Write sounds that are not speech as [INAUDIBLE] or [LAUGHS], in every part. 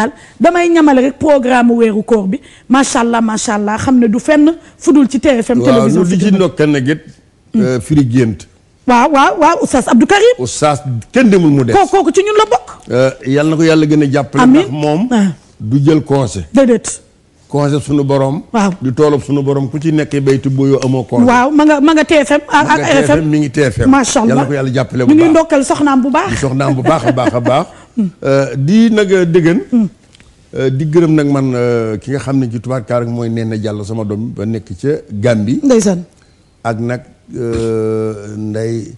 daal damay ñamale rek programme weeru koor bi macha allah macha allah xam ne du fenn fu dul ci TFM. télévision waaw lu ci ndokkee nag it. Hmm. Euh, firi gént. waaw waaw waaw Oustaz Abdou Karim. Oustaz kenn demul mu des. kooku kooku ci ñun la bokk. Euh, yal na ko yàlla gën a jàppale. amiin ndax moom ah. du jël conseil. déedéet. conseil suñu borom. waaw du toolub suñu borom ku ci nekk baytu bu yoo amoo. conseil waaw ma nga ma nga TFM ah, ak ak RFM mi ngi TFM. macha allah yal na ko yàlla jàppale bu baax mi ngi ndokkal bu baax. soxnaam bu baax a baax a baax. [LAUGHS] Euh, di nag euh, dëggan euh, di gërëm nag man ki nga xam ne ci tubaab kaar mooy nee na jàll sama doom ba nekk ca Gàmbi ndeysaan ak nag nday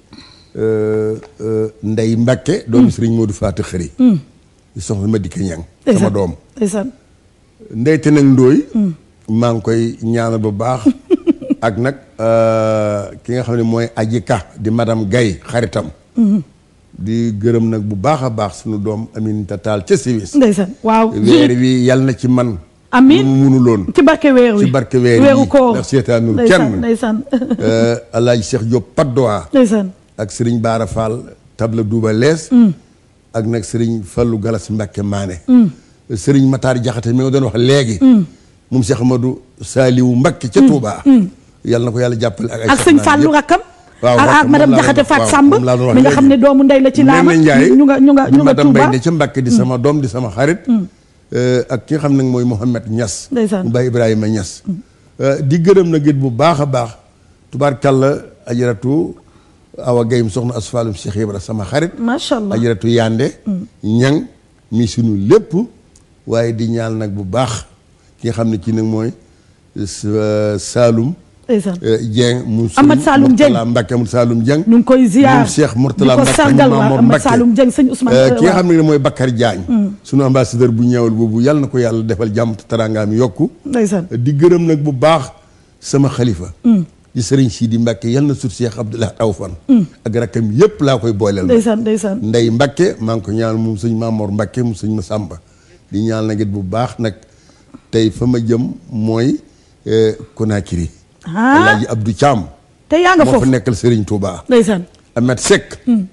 nday Mbakke doomu Sëriñ Modou Fatou Xëri mm. soxna ma dikk ñang sama doom ndeysaan ndeyte nag ndooy mm. maa ngi koy ñaanal bu baax [LAUGHS] ak nag ki nga xam ne mooy aji di madame Gaye xaritam mm-hmm. di gërëm nag bu baax a baax suñu doom Aminata Tall ca Suisse. waaw weer wi yàlla na ci man amiin mu munuloon ci barke weer wi ci barke weer wi weeru koor ndax seetaanul kenn ndeysaan Alaaji [LAUGHS] eh, Cheikh Diop ak Serigne Bara Fall table Douba mm. ak nag Serigne Fallou Galas Mbacke Maane mm. Serigne Matar Diakhaté mi nga doon wax léegi mm. moom Cheikh Amadou Saliou Mbacke ca Touba yàlla na ko yàlla jàppale ak ay ak rakkam waaw ak ah, ah, madame Jaxate Faat Samb mi nga xam ne doomu ndey la ci laama ñu nga ñu nga ñu nga Tuuba madame Bay ca di sama doom di sama xarit mm. Mm. Eh, ak ki xam ne mooy Mouhamed Niass mu Baay Ibrahima Niass mm. eh, di gërëm na git bu baax a baax tubaarkàlla ajaratu awa gayum soxna asfaalum Cheikh Ibra sama xarit macha allah ajaratu Yande ñang mi lépp waaye di ñaal nag bu baax ki xam ne ci nag mooy eh, Saalum ndeysaan eh, mu Amat Saloum Dieng Mbacke Amat Saloum Dieng ñu eh, ki nga xam mooy Bakar Diagne mm. sunu ambassadeur bu ñëwal boobu yàlla na ko yàlla defal jàmm te teraangaam di gërëm nag bu baax sama xalifa mm. di Serigne Sidi Mbacke yal na suuf Cheikh Abdoulaye Aw mm. yëpp laa koy booleel. ndeysaan ndeysaan Ndeye Mbacke maa ngi ko ñaanal sëñ Mamor Mbacke di ñaanal nag bu baax nag tey fa ma jëm mooy eh, Conakry Alaaji ah. Abdou Thiam. te yaa nga foofu moo fa nekkal Serigne Touba. ndeysaan Ahmed Seck. Hmm.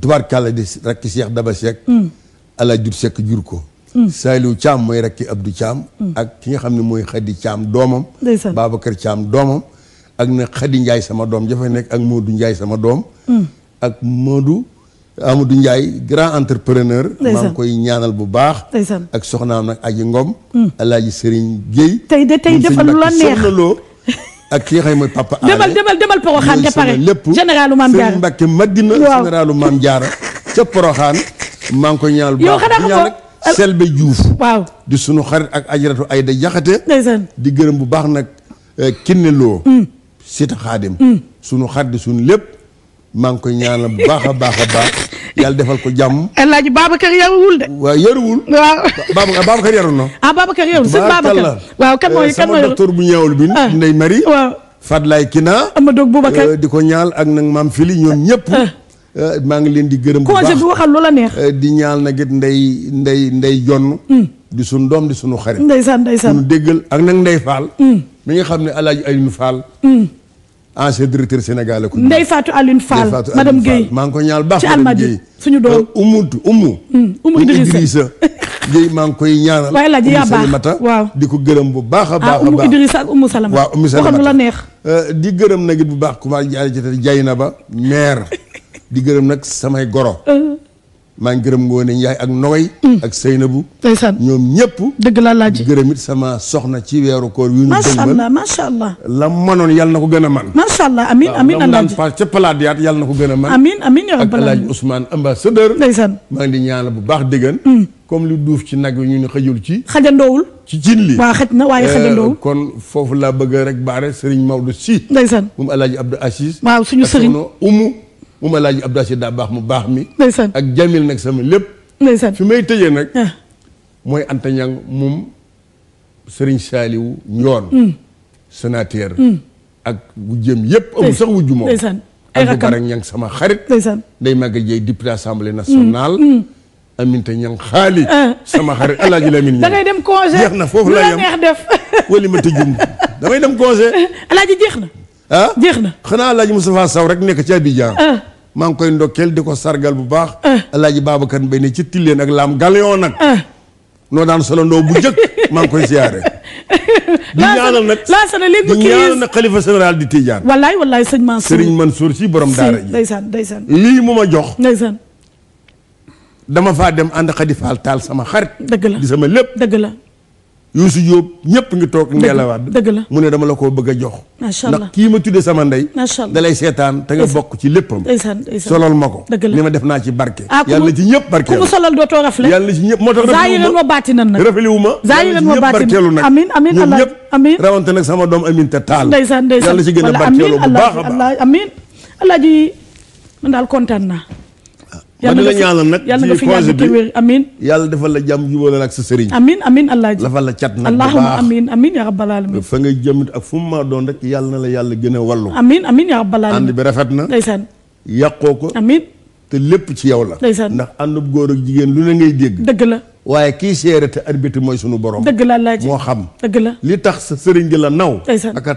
tubaarkàlla di rakki Cheikh Daba Seck. Hmm. Alaaji Dut Seck jur ko. Hmm. Saliou Thiam mooy rakki abdu Thiam. ak ki nga xam ne mooy Khady caam doomam. ndeysaan Babacar Thiam doomam. ak na Khady Ndiaye sama doom jafe nekk ak Modou Ndiaye sama doom. ak Modou. Amadou Ndiaye grand entrepreneur. maa ngi koy ñaanal bu baax. ak soxnaam nag aji Ngom. Alaaji sëriñ Guèye. tey de tey defal la neex ak kii xay xam ne mooy papa Allé demal demal demal Porokhane te lépp généralu Maam Jaara Serigne Mbacke Madina généralu Maam Jaara ca Porokhane maa ngi ko ñaanal baax di ñaan Selbe Diouf di suñu xarit ak ajaratu da Jaxate di gërëm bu baax nag eh, kinne loo mm. sita xaadim mm. sunu xarit di sunu lépp maa ngi ko ñaanal baax a baax a baax yàlla defal ko jàmm. El Hadj Babacar yaruwul de. waaw yaruwul. waaw Babacar ah, yarul na. ah Babacar yarul sëñ Babacar. waaw kan mooy eh, kan mooy sama docteur bu ñaawul bi. Ah. Ndeye Marie. waaw Fadlaye Kina. Amadou Boubacar eh, di ko ñaal ak nag maam Fili ñoom ah. ñëpp. Eh, maa ngi leen di gërëm bu baax bi di ñaal nag it ndey ndey ndey jonn hmm. di suñ doom di suñu xarit. ndey ndeysaan suñu déggal ak nag ndey faal. Hmm. mi nga xam ne El ay Alioune Fall. Hmm. ancien directeur Sénégal la ko. Ndeye Fatou Aline Fall madame Guèye maa ngi ko ñaal baax. ci almadi suñu doom Umu Umu. Umu Idrissa [LAUGHS] Guèye maa ngi koy ñaanal. waaye laaj yaa baax waaw di ko gërëm bu baax a baax. ah Umu Idrissa ak Umu Salamata waaw Umu Salamata waxal la neex. Euh, di gërëm nag it bu baax ku ma jaay na ba maire di gërëm nag samay goro. Euh. maa ngi gërëm Ngoone Njaay ak Nogoy mm. ak Seynabu ndeysaan ñoom ñëpp dëgg laa laaj gërëm it sama soxna ci weeru koor yu ñu macha allah na ko gën a man macha allah amin amin alaaji pa ca palaat yaat na ko gën a man amin amin ya rabbal alaaj Ousmane ambassadeur ndeysaan maa ngi di bu baax dëggan mm. comme lu duuf ci nag wi ñu ne xëjul ci xajandoowul ci cin li waaw xaj na waaye euh, xajandoowul kon foofu laa bëgg rek baare Serigne Maodo si ndeysaan moom alaaji Abdou Assis waaw suñu Serigne mu ma laaj Abdou Aziz daa baax mu baax mi. ak Jamil nag sama lépp. ndeysaan fi may tëjee nag. Ah. mooy Anta Niang moom Serigne Saliou Njoon. Mm. sénateur. Mm. ak wujjëm yëpp amul sax wujju moom. ndeysaan ay rakam ak Niang sama xarit. ndeysaan Ndeye Maguette Dieye député assemblée mm. nationale. Aminta Niang xaali. Ah. sama xarit El Hadj Lamine. da ngay dem congé jeex na foofu la yem neex def. wala ma tëjum [LAUGHS] damay dem congé. El jeex na. ah jeex na xanaa El Hadj Moustapha saw rek nekk ci Abidjan. Ah. maa ngi koy ndokkeel di ko sargal bu baax. El ah. Hadj Babacar Mbaye ne ci tilleen ak laam galion nag. Ah. noo daan solo ndoo bu njëkk maa ngi koy siyaare. [LAUGHS] di ñaanal nag laasana léegi di ñaanal nag xalifa général di Tidiane. wallaay wallaay sëñ Mansour Serigne Mansour si borom daara ji. ndeysaan ndeysaan lii mu ma jox. ndeysaan. dama faa dem ànd xadi faal taal sama xarit. dëgg la di sama lépp dëgg la. Youssou Diop ñëpp ngi toog Ndella Wade dëgg la mu ne dama la koo bëgg a jox macha allah ndax kii ma tuddee sama ndey macha allah da lay seetaan te nga bokk ci léppam solal ma ko dëgg la ni ma def naa ci barke ah, yàlla ci ñëpp barke ku mu solal dootoo rafle yàlla ci ñëpp moo tax zaahiran wa baatinan nag rafetlu wu ma wa baatinan nag amin amin amin rawante nag sama doom amin te taal ndeysaan ndeysaan yàlla ci gën a barkeelu bu baax a baax amin alaaji man daal kontaan naa yàlla la ñaanal nag yàlla nga fi yàgg te yàlla defal la jàmm jubóole ak sa sëriñ amin amin allaaji lafal la cat nag allahuma amin amin ya rabbal alamin fa nga jëmit ak fu mu maa doon rek yàlla na la yàlla gën a wàllu amin amin ya rabbal alamin ànd bi rafet na ndeysaan yàqoo ko amin te lépp ci yow la ndeysaan ndax àndub góor ak jigéen lu ne ngay dégg dëgg la waaye kii seere te arbitre mooy sunu borom. dëgg la laajee moo xam. dëgg la li tax sëriñ di la naw. ak a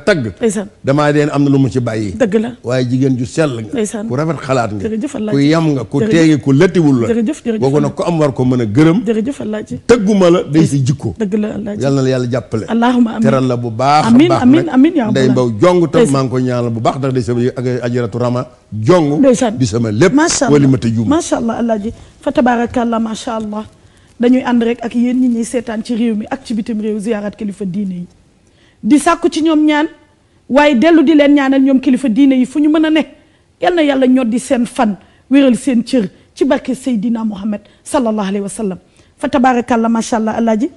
damaa leen am na lu mu ci bàyyi. dëgg la waaye jigéen ju sell nga. ku rafet xalaat nga. ku yam nga ku teegi ku lëttiwul la. jërëjëf jërëjëf boo ko nag ku am war ko mën a gërëm. jërëjëf laajee tëgguma la day si jikko. dëgg la laajee yal na la yàlla jàppale. allahumma amiin teral la bu baax. amiin amiin amiin yaa nday mbaw jong tam maa bu baax ndax day sama ak ajaratu rama jong di sama lépp wali mata juum macha allah alaaji fa tabarakallah macha allah dañuy ànd rek ak yéen ñi ñuy seetaan ci réew mi ak ci bitim réew ziyaaraat kilifa diine yi di sàkku ci ñoom ñaan waaye dellu di leen ñaanal ñoom kilifa diine yi fu ñu mën a nekk yal na yàlla ñod di seen fan wéral seen cër ci barke Seydina Muhammad sallallahu alayhi wa sallam fa tabaarakàlla macha allah alaaji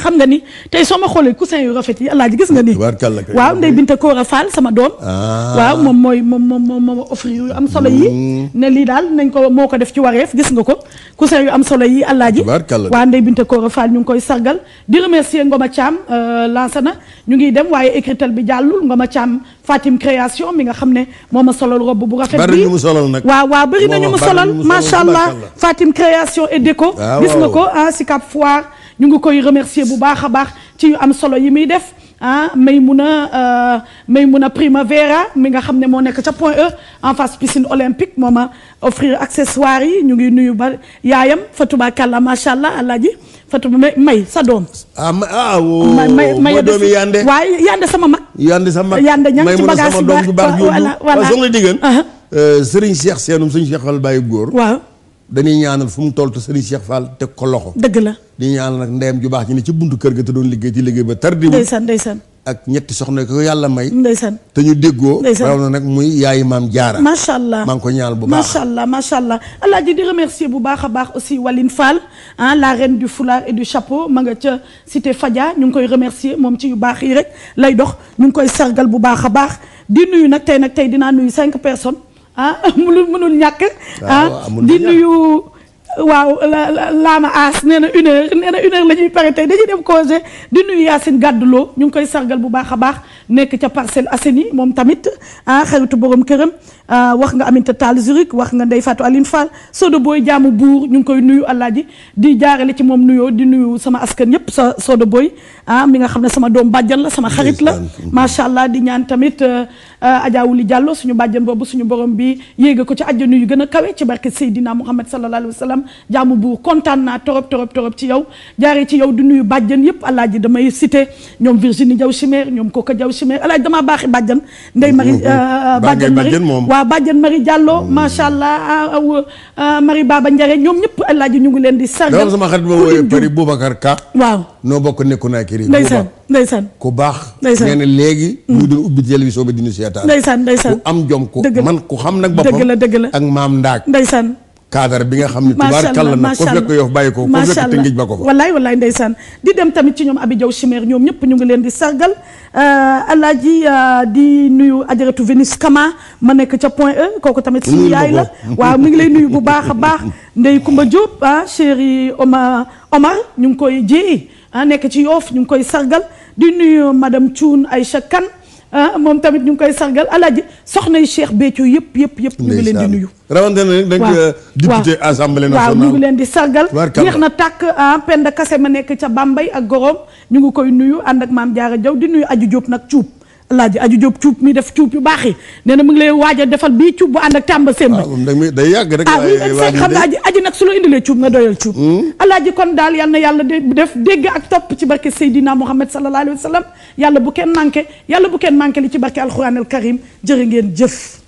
xam nga ni tey soo ma xoolee coussin yu rafet yi allah ji gis nga ni waaw ndey Binta Koora Fall sama doom ah. waaw moom mooy moom moom moom moom offrir yu am solo yi mm. ne lii daal nañ ko moo ko def ci wareef gis nga ko coussin yu am solo yi allah ji waaw ndey Binta Koora Fall ñu ngi koy sargal di remercier Ngoma Thiam euh, lancé na ñu ngi dem waaye écritel bi jàllul Ngoma Thiam Fatim création mi nga xam ne moo ma solal robb bu rafet bi waaw waaw bëri nañu mu solal macha allah Fatim création et déco ah, gis nga ko ah si Cap ñu ngi koy remercier bu baax a baax ci yu am solo yi muy def may ah Maymuna euh, Maymuna Primavera mi nga xam ne moo nekk ca Point E en face piscine olympique moo ma offrir accessoires yi ñu ngi nuyu ba yaayam Fatou Bakalla macha allah alaaji Fatou May sa doom. ah ma ah woo. May May doomi Yande. waaw Yande sama mag. Yande sama mag Yande ña ci bagage yi baax Maymuna sama doom bu baax. voilà voilà soxna Digane. Uh-huh. Euh, Serigne Cheikh Seenum Serigne Cheikh Fall Baye Góor. waaw. dañuy ñaanal fu mu toll te Serigne Cheikh Fall teg ko loxo. dëgg la di ñaanal nag ndeyam ju baax ji ne ci buntu kër ga te doon liggéey ci liggéey ba tardi. ndeysaan ndeysaan ak ñetti soxna ko yàlla may. ndeysaan te ñu déggoo. raw na nag muy yaayi maam jaara macha allah maa ngi ko ñaanal bu baax macha allah allah. alaaji di remercier bu baax a baax aussi walin faal ah la ren du foulard et du chapeau ma nga ca cité Fadia ñu ngi koy remercier moom ci yu baax yi rek lay dox ñu ngi koy sargal bu baax a baax di nuyu nag tey nag tey dinaa nuyu cinq personnes. ah [LAUGHS] mënul mënul ñàkk. ah di nuyu. waaw la la laama aas nee na une heure nee na une heure la ñuy pare tey dañuy dem congé di nuyu Yacine Gàdduloo ñu ngi koy sargal bu baax a baax nekk ca Parcelles Assainies moom tamit ah xaritu borom këram ah, wax nga Aminata Tall Zurich wax nga Ndeye Fatou Aline Fall Sodo Boy jaamu buur ñu ngi koy nuyu Alaaji di jaarale ci moom nuyoo di nuyu sama askan yëpp sa Sodo Boy ah mi nga xam ne sama doom bàjjan la sama xarit la macha allah di ñaan tamit Euh, Adja Wuli Diallo suñu bàjjan boobu suñu borom bi yéega ko ci àjjana yu gën a kawe ci barke Seydina Muhammad sallallahu alayhi wa sallam jaamu buur kontaan naa torop torop torop ci yow jaaree ci yow du nuyu bàjjan yëpp alaaji damay cité ñoom Virginie Diaw Chimère ñoom Koko Diaw Chimère alaaji dama baaxi bàjjan Ndey Mari bàjjan Mari waaw bàjjan Mari jàlloo mm. macha allah euh, euh, Mari Baba Ndiare ñoom ñëpp ji ñu ngi leen di sargal sama xarit ba wooyee Paris Boubacar waaw noo bokk nekku naa kii. ndeysaan ndeysaan ku baax. ndeysaan nee na léegi. Mm. muy doon ubbi télévision bi dina seetaan. ndeysaan ndeysaan ku am jom ku man ku xam nag boppam. dëgg la dëgg la ak maam ndaag. ndeysaan. cadre bi nga xam ne tubaarkàlla nag ko fekk yof bàyyi ko ko fekk te ngij ko fa wallaay wallaay di dem tamit ci ñoom abi jaw chimère ñoom ñëpp ñu ngi leen di sargal euh, alaaji euh, di nuyu ajaratu Vénus ma nekk ca point E kooku tamit suñu yaay la waaw mi ngi lay nuyu bu baax a baax [LAUGHS] ndey Kumba Diop ah chéri Omar Omar ñu ngi koy jéey ah nekk ci yoof ñu ngi koy sargal di nuyu madame Thioune Aïcha Kane ah moom tamit ñu ngi koy sargal alaaji soxnay Cheikh Béthio yëpp yëpp yëpp ñu ngi leen di nuyu rawante na nag euh, député assemblée nationale waaw ñu ngi leen di sargal jeex na tàkk ah Penda Kase ma nekk ca Bambey ak Gorom ñu ngi koy nuyu ànd ak maam Diarra Diaw di nuyu aju Diop nag cuub alaaji aju jóob cuub mi def cuub yu baax yi nee na mu ngi lay waaj a defal bii cuub bu ànd ak tàmba semba ah, day yàgg rek ah sëñ xam naa nag su la indilee cuub nga doyal cuub hmm? alaaji kon daal yal na yàlla def dégg ak topp ci barke Seydina Muhammad sallallahu alayhi wa sallam yàlla bu kenn manqué yàlla bu kenn manqué li ci barke alxuraan al karim jërë ngeen jëf